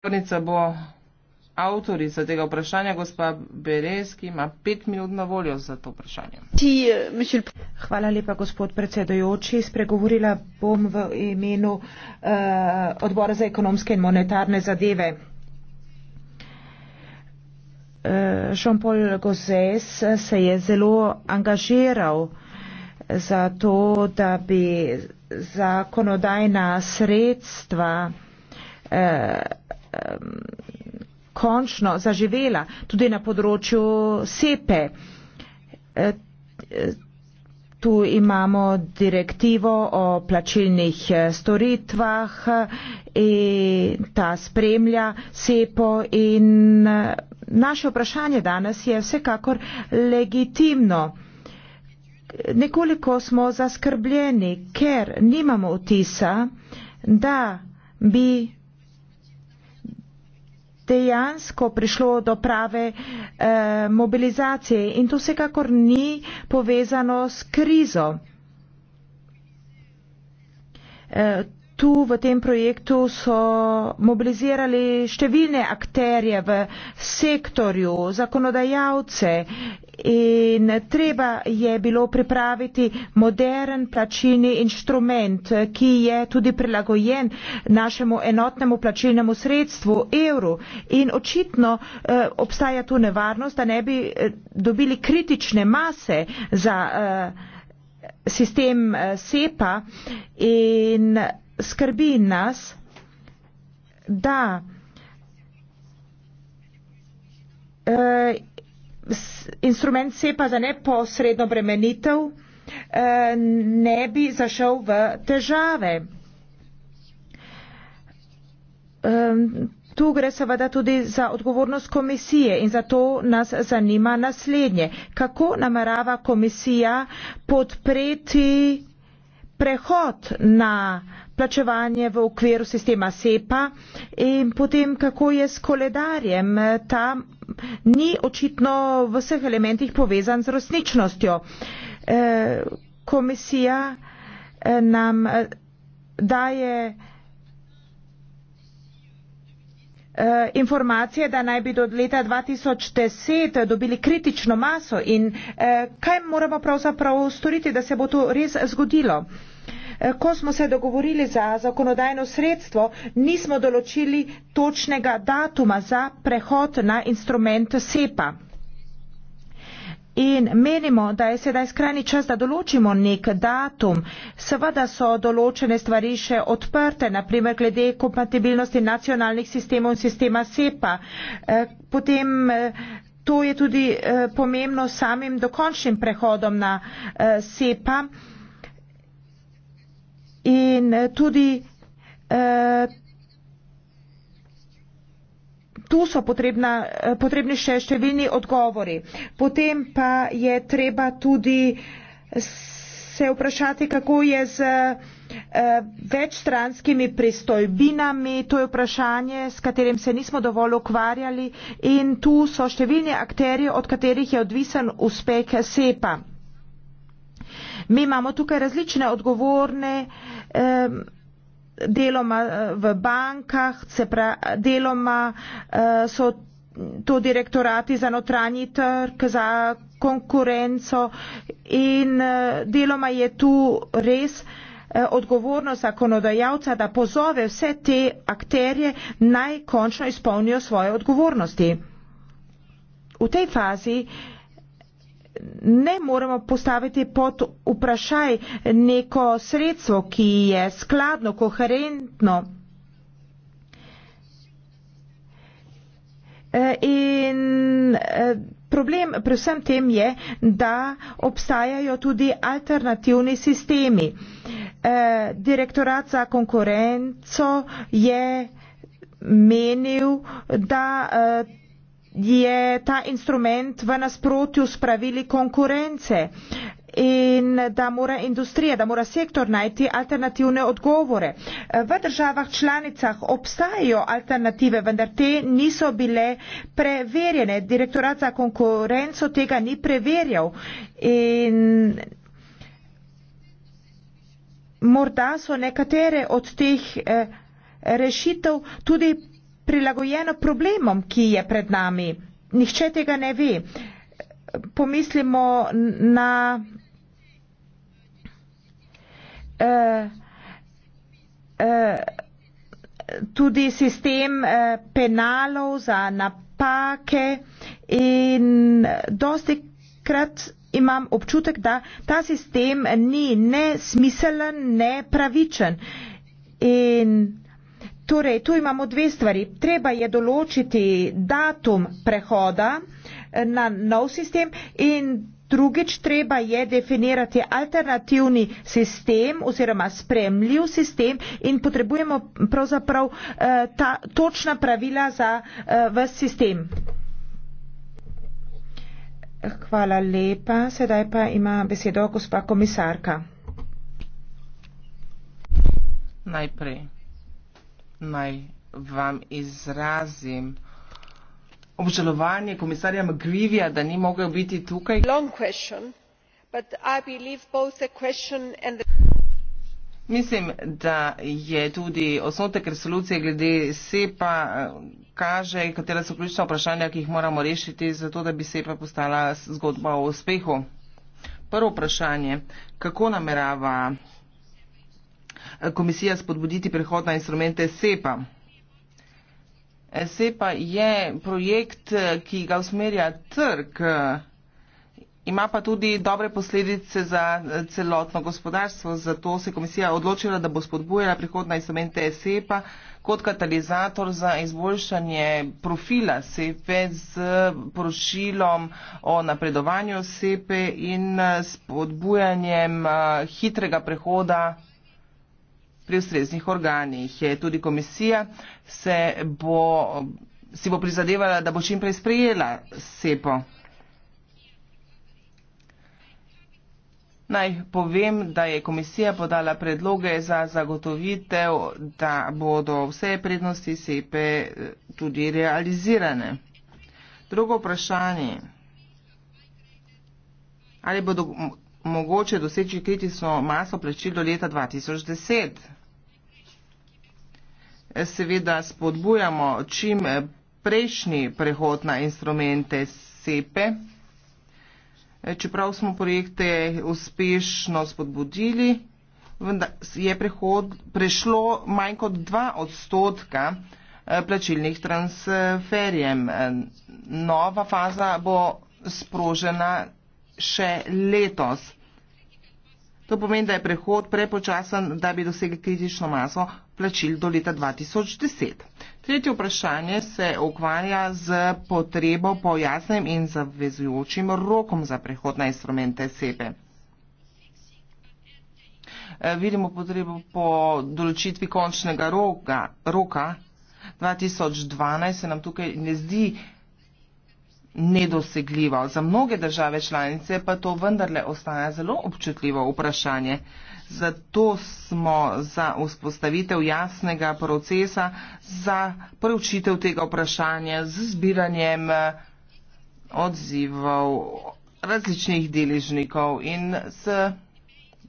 Zagovornica bo avtorica tega vprašanja, gospa Berez, ki ima pet minut na voljo za to vprašanje. Eh, Hvala lepa, gospod predsedojoči. Spregovorila bom v imenu uh, odbora za ekonomske in monetarne zadeve. Eh, Jean-Paul Gozes se je zelo angažiral za to, da bi zakonodajna sredstva končno zaživela tudi na področju sepe. E, e, tu imamo direktivo o plačilnih e, storitvah in ta spremlja sepo in naše vprašanje danes je vsekakor legitimno. Nekoliko smo zaskrbljeni, ker nimamo vtisa, da bi dejansko prišlo do prave eh, mobilizacije in to vsekakor ni povezano s krizo. Eh, tu v tem projektu so mobilizirali številne akterje v sektorju, zakonodajalce in treba je bilo pripraviti modern plačilni inštrument, ki je tudi prilagojen našemu enotnemu plačilnemu sredstvu evru in očitno eh, obstaja tu nevarnost, da ne bi eh, dobili kritične mase za eh, sistem eh, SEPA in skrbi nas, da eh, instrument sepa za neposredno bremenitev eh, ne bi zašel v težave. Tu gre seveda tudi za odgovornost komisije in zato nas zanima naslednje. Kako namerava komisija podpreti prehod na plačevanje v okviru sistema SEPA in potem kako je s koledarjem eh, tam ni očitno v vseh elementih povezan z resničnostjo. Eh, komisija eh, nam eh, daje informacije, da naj bi do leta 2010 dobili kritično maso in kaj moramo pravzaprav storiti, da se bo to res zgodilo. Eh, ko smo se dogovorili za zakonodajno sredstvo, nismo določili točnega datuma za prehod na instrument SEPA. In menimo, da je sedaj skrajni čas, da določimo nek datum. Seveda so določene stvari še odprte, naprimer glede kompatibilnosti nacionalnih sistemov in sistema SEPA. Eh, potem eh, to je tudi pomembno samim dokončnim prehodom na SEPA in eh, tudi eh, tu so potrebna, eh, potrebni še številni odgovori. Potem pa je treba tudi se vprašati, kako je z večstranskimi pristojbinami, to je vprašanje, s katerim se nismo dovolj ukvarjali in tu so številni akteri, od katerih je odvisen uspeh SEPA. Mi imamo tukaj različne odgovorne deloma eh, v bankah, se pravi, deloma eh, so to direktorati za notranji trg, za konkurenco in eh, deloma je tu res odgovornost zakonodajalca, da pozove vse te akterje naj končno izpolnijo svoje odgovornosti. V tej fazi ne moremo postaviti pod vprašaj neko sredstvo, ki je skladno, koherentno. E, in e, problem pri vsem tem je, da obstajajo tudi alternativni sistemi. E, direktorat za konkurenco je menil, da je ta instrument v nasprotju s pravili konkurence in da mora industrija, da mora sektor najti alternativne odgovore. V državah članicah obstajajo alternative, vendar te niso bile preverjene. Direktorat za konkurenco tega ni preverjal in morda so nekatere od teh eh, rešitev tudi prilagojeno problemom, ki je pred nami. Nihče tega ne ve. Pomislimo na. Uh, tudi sistem eh, penalov za napake in dosti krat imam občutek, da ta sistem ni ne smiselen, ne pravičen. In Torej, tu imamo dve stvari. Treba je določiti datum prehoda eh, na nov sistem in drugič treba je definirati alternativni sistem oziroma spremljiv sistem in potrebujemo pravzaprav eh, ta točna pravila za eh, vse sistem. Hvala lepa. Sedaj pa ima besedo gospa komisarka. Najprej naj vam izrazim obžalovanje komisarja McGreevyja, da ni mogel biti tukaj. Mislim, da je tudi osnotek resolucije glede SEPA eh, kaže, katera so ključna vprašanja, ki jih moramo rešiti, zato da bi SEPA postala zgodba o uspehu. Prvo vprašanje, kako namerava komisija spodbuditi prehod na instrumente SEPA. SEPA je projekt, ki ga usmerja trg, ima pa tudi dobre posledice za celotno gospodarstvo, zato se komisija odločila, da bo spodbujala prihod na instrumente SEPA kot katalizator za izboljšanje profila SEPE z poročilom o napredovanju SEPE in spodbujanjem eh, hitrega prehoda pri ustreznih organih. Tudi komisija se bo, si bo prizadevala, da bo čimprej sprejela SEPO. Naj povem, da je komisija podala predloge za zagotovitev, da bodo vse prednosti SEPE eh, tudi realizirane. Drugo vprašanje. Ali bodo mogoče doseči kritično maso plačil do leta 2010? seveda spodbujamo čim prejšnji prehod na instrumente SEPE, čeprav smo projekte uspešno spodbudili, je prehod, prešlo manj kot dva odstotka eh, plačilnih transferjem. Nova faza bo sprožena še letos. To pomeni, da je prehod prepočasen, da bi dosegli kritično maso plačil do leta 2010. Tretje vprašanje se ukvarja z potrebo po jasnem in zavezujočim rokom za prehod na instrumente SEPE. Eh, vidimo potrebo po določitvi končnega roka. 2012 se nam tukaj ne zdi nedosegljivo. Za mnoge države članice pa to vendarle ostaja zelo občutljivo vprašanje. Zato smo za vzpostavitev jasnega procesa, za preučitev tega vprašanja z zbiranjem eh, odzivov različnih deležnikov in s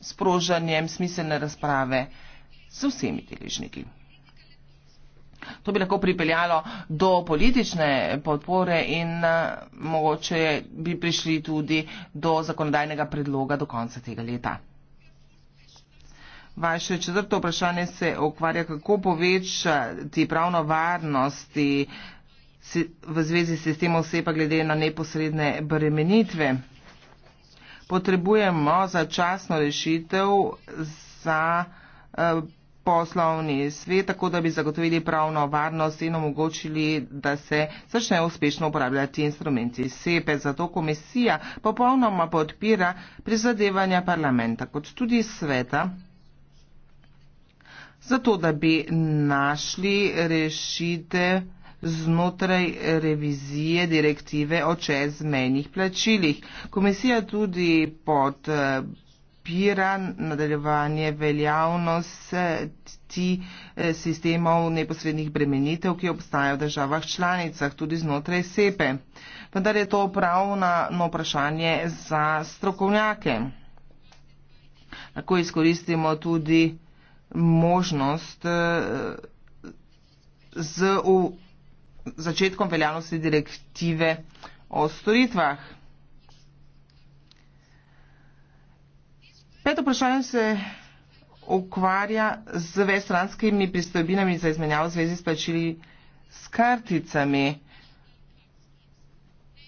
sprožanjem smiselne razprave z vsemi deležniki. To bi lahko pripeljalo do politične podpore in eh, mogoče bi prišli tudi do zakonodajnega predloga do konca tega leta. Vaše četrto vprašanje se ukvarja, kako povečati pravno varnosti v zvezi s sistemom osepa glede na neposredne bremenitve. Potrebujemo začasno rešitev za uh, poslovni svet, tako da bi zagotovili pravno varnost in omogočili, da se začne uspešno uporabljati instrumenti SEPE. Zato komisija popolnoma podpira prizadevanja parlamenta kot tudi sveta, zato da bi našli rešite znotraj revizije direktive o čezmenjih plačilih. Komisija tudi pod eh, podpira nadaljevanje veljavnosti eh, sistemov neposrednih bremenitev, ki obstajajo v državah članicah, tudi znotraj SEPE. Vendar je to pravno na no, vprašanje za strokovnjake. Lahko izkoristimo tudi možnost eh, z začetkom veljavnosti direktive o storitvah. Peto vprašanje se ukvarja z vestranskimi pristojbinami za izmenjavo v zvezi s plačili s karticami.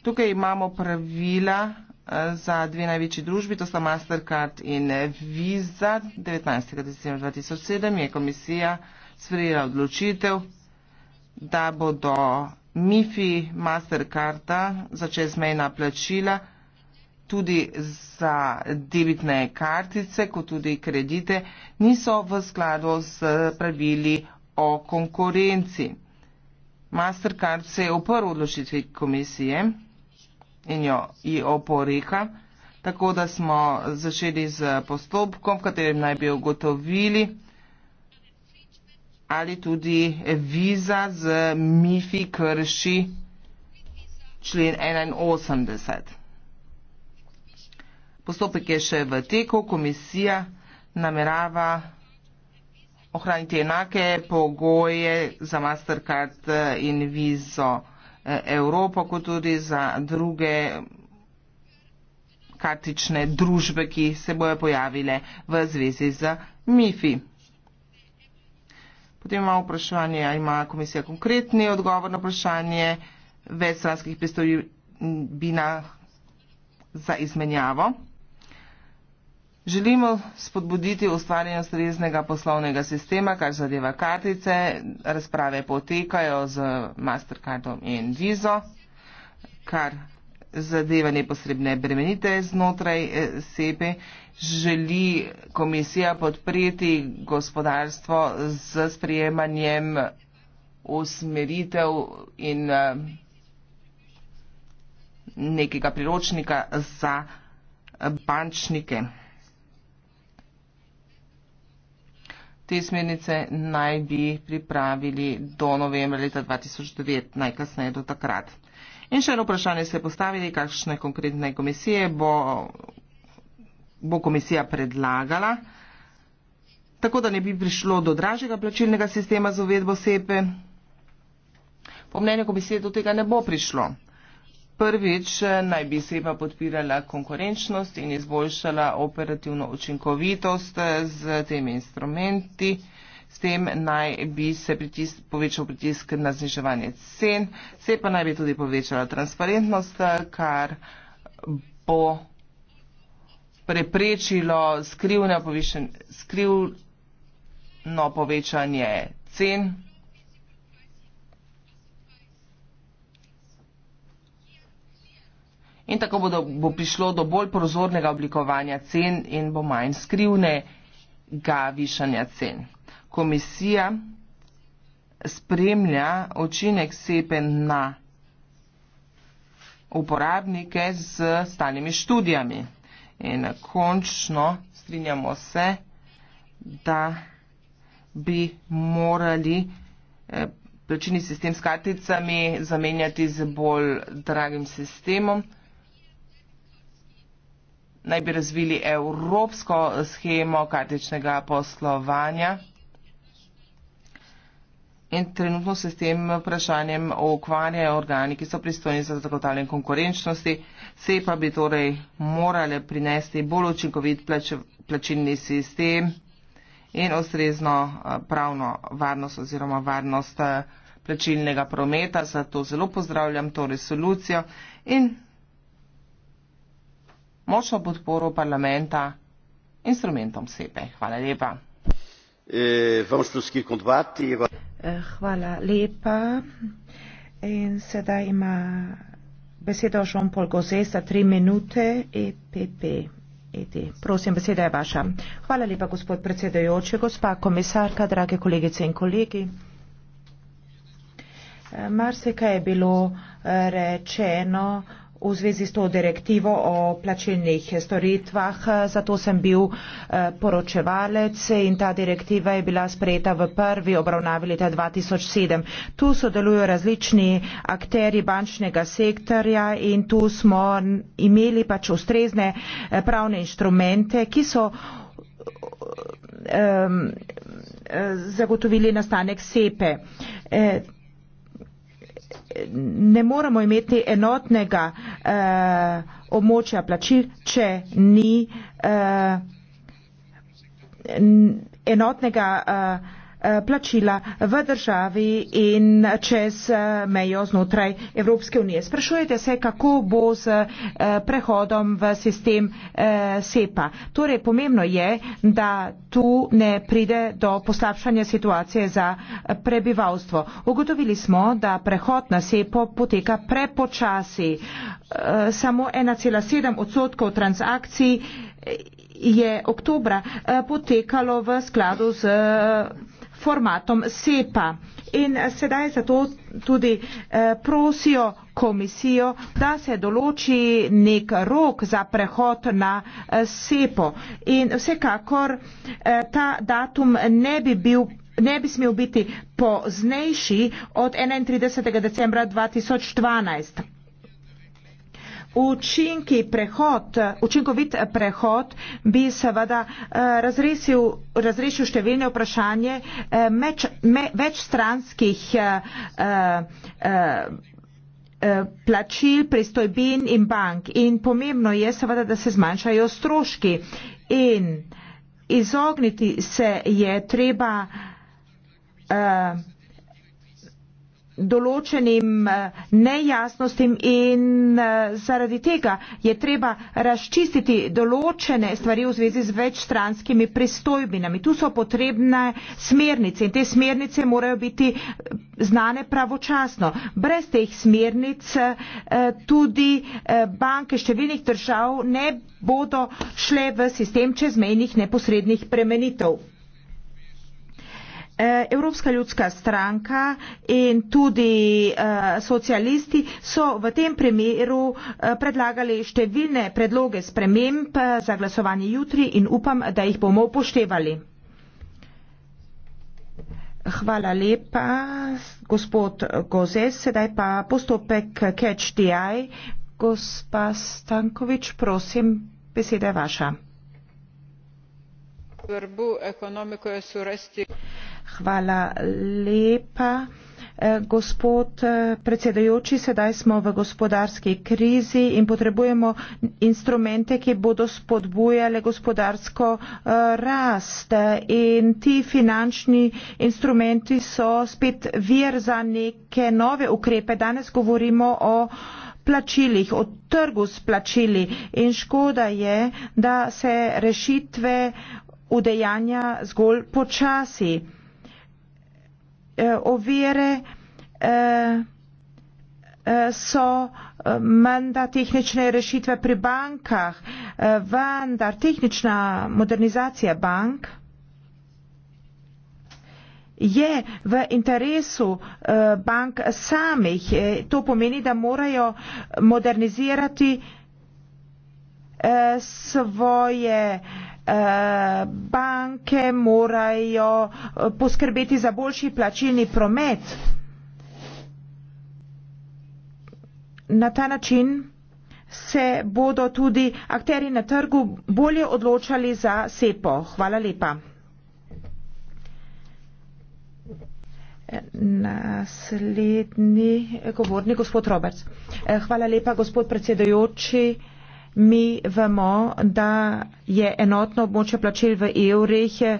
Tukaj imamo pravila eh, za dve največji družbi, to sta Mastercard in Visa. 19. decembra 2007 je komisija sprejela odločitev, da bodo MIFI Mastercarda za čezmejna plačila tudi za debitne kartice, kot tudi kredite, niso v skladu z pravili o konkurenci. Mastercard se je oprl odločitvi komisije in jo je oporeka, tako da smo začeli z postopkom, v katerem naj bi ugotovili ali tudi viza z MIFI krši člen 81. Postopek je še v teku, komisija namerava ohraniti enake pogoje za Mastercard eh, in Vizo eh, Evropo, kot tudi za druge kartične družbe, ki se bojo pojavile v zvezi z MIFI. Potem imamo vprašanje, ali ima komisija konkretni odgovor na vprašanje večstranskih pristojbina za izmenjavo. Želimo spodbuditi ustvarjanje ustreznega poslovnega sistema, kar zadeva kartice. Razprave potekajo z Mastercardom in Vizo, kar zadeva neposredne bremenite znotraj eh, sebe. Želi komisija podpreti gospodarstvo z sprejemanjem usmeritev in eh, nekega priročnika za eh, bančnike. Te smernice naj bi pripravili do novembra leta 2009, najkasneje do takrat. In še eno vprašanje se je postavili, kakšne konkretne komisije bo, bo komisija predlagala, tako da ne bi prišlo do dražjega plačilnega sistema za uvedbo SEPE. Po mnenju komisije do tega ne bo prišlo. Prvič naj bi seba podpirala konkurenčnost in izboljšala operativno učinkovitost z temi instrumenti. S tem naj bi se pritisk, povečal pritisk na zniževanje cen, se pa naj bi tudi povečala transparentnost, kar bo preprečilo skrivno povečanje cen. in tako bo, do, bo prišlo do bolj prozornega oblikovanja cen in bo manj skrivnega višanja cen. Komisija spremlja učinek sepe na uporabnike z stalnimi študijami. In končno strinjamo se, da bi morali eh, plačilni sistem s karticami zamenjati z bolj dragim sistemom naj bi razvili evropsko schemo kartičnega poslovanja. In trenutno se s tem vprašanjem ukvarjajo organi, ki so pristojni za zagotavljanje konkurenčnosti, se pa bi torej morale prinesti bolj učinkovit plač, plačilni sistem in ustrezno eh, pravno varnost oziroma varnost eh, plačilnega prometa. Zato zelo pozdravljam to resolucijo in močno podporo parlamenta instrumentom sepe. Hvala lepa. Eh, e eh, hvala lepa. In sedaj ima besedo Jean-Paul Gauzet za tri minute EPP. Edi. Prosim, beseda je vaša. Hvala lepa, gospod predsedajoči, gospa komisarka, drage kolegice in kolegi. Eh, marsikaj je bilo rečeno v zvezi s to direktivo o plačilnih storitvah, zato sem bil eh, poročevalec in ta direktiva je bila sprejeta v prvi obravnavi leta 2007. Tu sodelujo različni akteri bančnega sektorja in tu smo imeli pač ustrezne eh, pravne inštrumente, ki so eh, zagotovili nastanek sepe ne moremo imeti enotnega eh, območja plačil, če ni eh, enotnega eh, Eh, plačila v državi in čez eh, mejo znotraj Evropske unije. Sprašujete se, kako bo z eh, prehodom v sistem SEPA. Torej, pomembno je, da tu ne pride do poslabšanja situacije za prebivalstvo. Ugotovili smo, da prehod na SEPO poteka prepočasi. Samo 1,7 odstotkov transakcij je oktobra potekalo v skladu z formatom SEPA. In eh, sedaj zato tudi eh, prosijo komisijo, da se določi nek rok za prehod na eh, SEPO. In vsekakor ta datum ne bi bil ne bi smel biti poznejši od 31. decembra 2012 učinki prehod, učinkovit prehod bi seveda eh, razrešil, razrešil številne vprašanje eh, meč, me, več stranskih uh, eh, uh, plačil, pristojbin in bank. In pomembno je seveda, da se zmanjšajo stroški in izogniti se je treba uh, določenim eh, nejasnostim in eh, zaradi tega je treba razčistiti določene stvari v zvezi z večstranskimi pristojbinami. Tu so potrebne smernice in te smernice morajo biti eh, znane pravočasno. Brez teh smernic tudi banke številnih držav ne bodo šle v sistem čezmejnih neposrednih premenitev. Eh, Evropska ljudska stranka in tudi eh, socialisti so v tem primeru eh, predlagali številne predloge sprememb za glasovanje jutri in upam, da jih bomo upoštevali. Hvala lepa, gospod Gozes. Sedaj pa postopek CatchDI. Gospa Stankovič, prosim, beseda je vaša. Hvala lepa. E, gospod e, predsedajoči, sedaj smo v gospodarski krizi in potrebujemo instrumente, ki bodo spodbujale gospodarsko e, rast. In ti finančni instrumenti so spet vir za neke nove ukrepe. Danes govorimo o plačilih, o trgu s plačili. In škoda je, da se rešitve udejanja zgolj počasi eh, ovire eh, eh, so eh, menda tehnične rešitve pri bankah, eh, vendar tehnična modernizacija bank je v interesu eh, bank samih. Eh, to pomeni, da morajo modernizirati eh, svoje eh, Eh, banke morajo eh, poskrbeti za boljši plačilni promet. Na ta način se bodo tudi akteri na trgu bolje odločali za SEPO. Hvala lepa. Naslednji govornik, gospod Roberts. Eh, hvala lepa, gospod predsedojoči. Mi vemo, da je enotno območje plačil v evrih eh,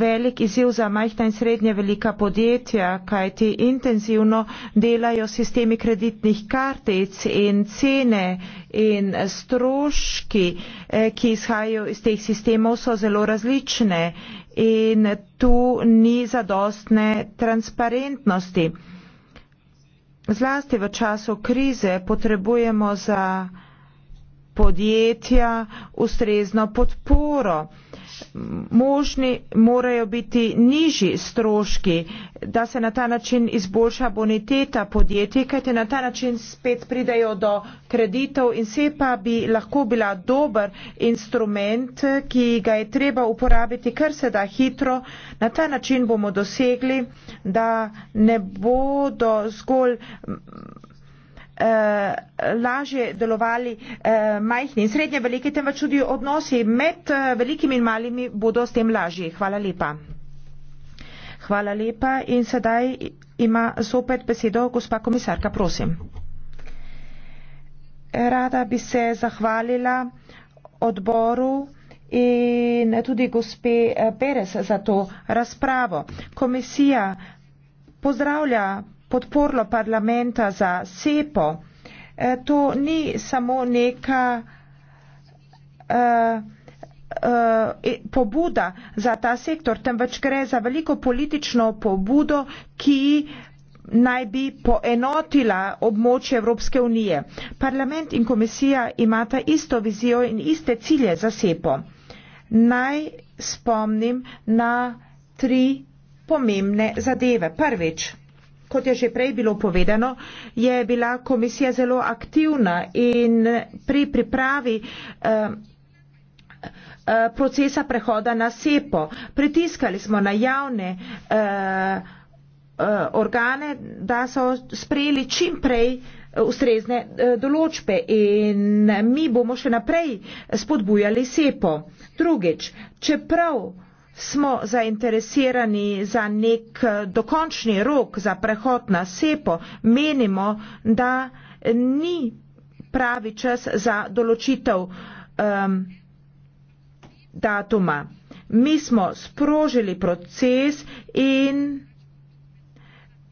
velik izziv za majhna in srednje velika podjetja, kajti intenzivno delajo sistemi kreditnih kartic in cene in stroški, eh, ki izhajajo iz teh sistemov, so zelo različne in tu ni zadostne transparentnosti. Zlasti v času krize potrebujemo za podjetja ustrezno podporo. Možni morajo biti nižji stroški, da se na ta način izboljša boniteta podjetij, kajte na ta način spet pridajo do kreditov in se pa bi lahko bila dober instrument, ki ga je treba uporabiti kar se da hitro. Na ta način bomo dosegli, da ne bodo zgolj Eh, lažje delovali eh, majhni in srednje velike, temveč tudi odnosi med eh, velikimi in malimi bodo s tem lažji. Hvala lepa. Hvala lepa in sedaj ima zopet besedo gospa komisarka, prosim. Rada bi se zahvalila odboru in tudi gospe Perez za to razpravo. Komisija pozdravlja podporlo parlamenta za sepo, eh, to ni samo neka eh, eh, e, pobuda za ta sektor, temveč gre za veliko politično pobudo, ki naj bi poenotila območje Evropske unije. Parlament in komisija imata isto vizijo in iste cilje za sepo. Naj spomnim na tri pomembne zadeve. Prvič, kot je že prej bilo povedano, je bila komisija zelo aktivna in pri pripravi eh, eh, procesa prehoda na SEPO. Pritiskali smo na javne eh, organe, da so sprejeli čim prej ustrezne določbe in mi bomo še naprej spodbujali SEPO. Drugič, čeprav smo zainteresirani za nek eh, dokončni rok za prehod na sepo, menimo, da ni pravi čas za določitev um, datuma. Mi smo sprožili proces in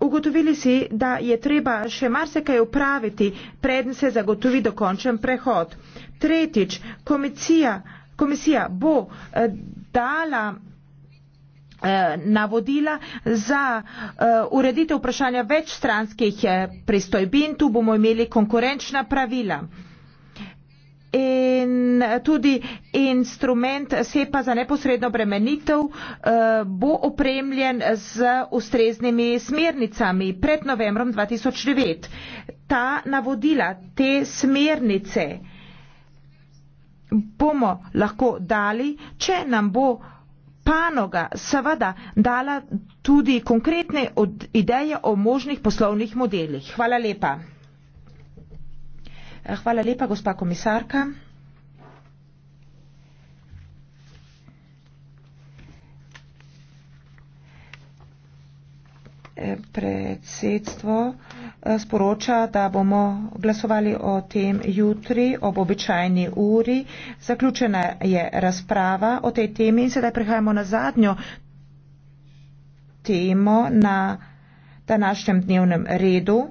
ugotovili si, da je treba še marsikaj upraviti, preden se zagotovi dokončen prehod. Tretjič, komisija, komisija bo eh, dala Eh, navodila za eh, ureditev vprašanja večstranskih eh, pristojbin. Tu bomo imeli konkurenčna pravila in tudi instrument SEPA za neposredno bremenitev bo opremljen z ustreznimi smernicami pred novembrom 2009. Ta navodila, te smernice bomo lahko dali, če nam bo panoga seveda dala tudi konkretne ideje o možnih poslovnih modelih. Hvala lepa. Hvala lepa, gospa komisarka. predsedstvo eh, sporoča, da bomo glasovali o tem jutri ob običajni uri. Zaključena je razprava o tej temi in sedaj prehajamo na zadnjo temo na današnjem dnevnem redu.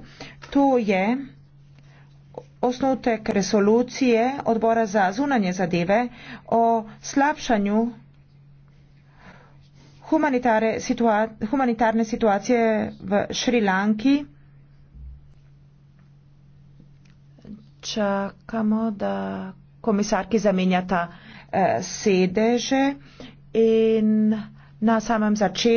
To je osnutek resolucije odbora za zunanje zadeve o slabšanju humanitarne, situa humanitarne situacije v Šrilanki. Čakamo, da komisarki zamenjata eh, sedeže in na samem začetku.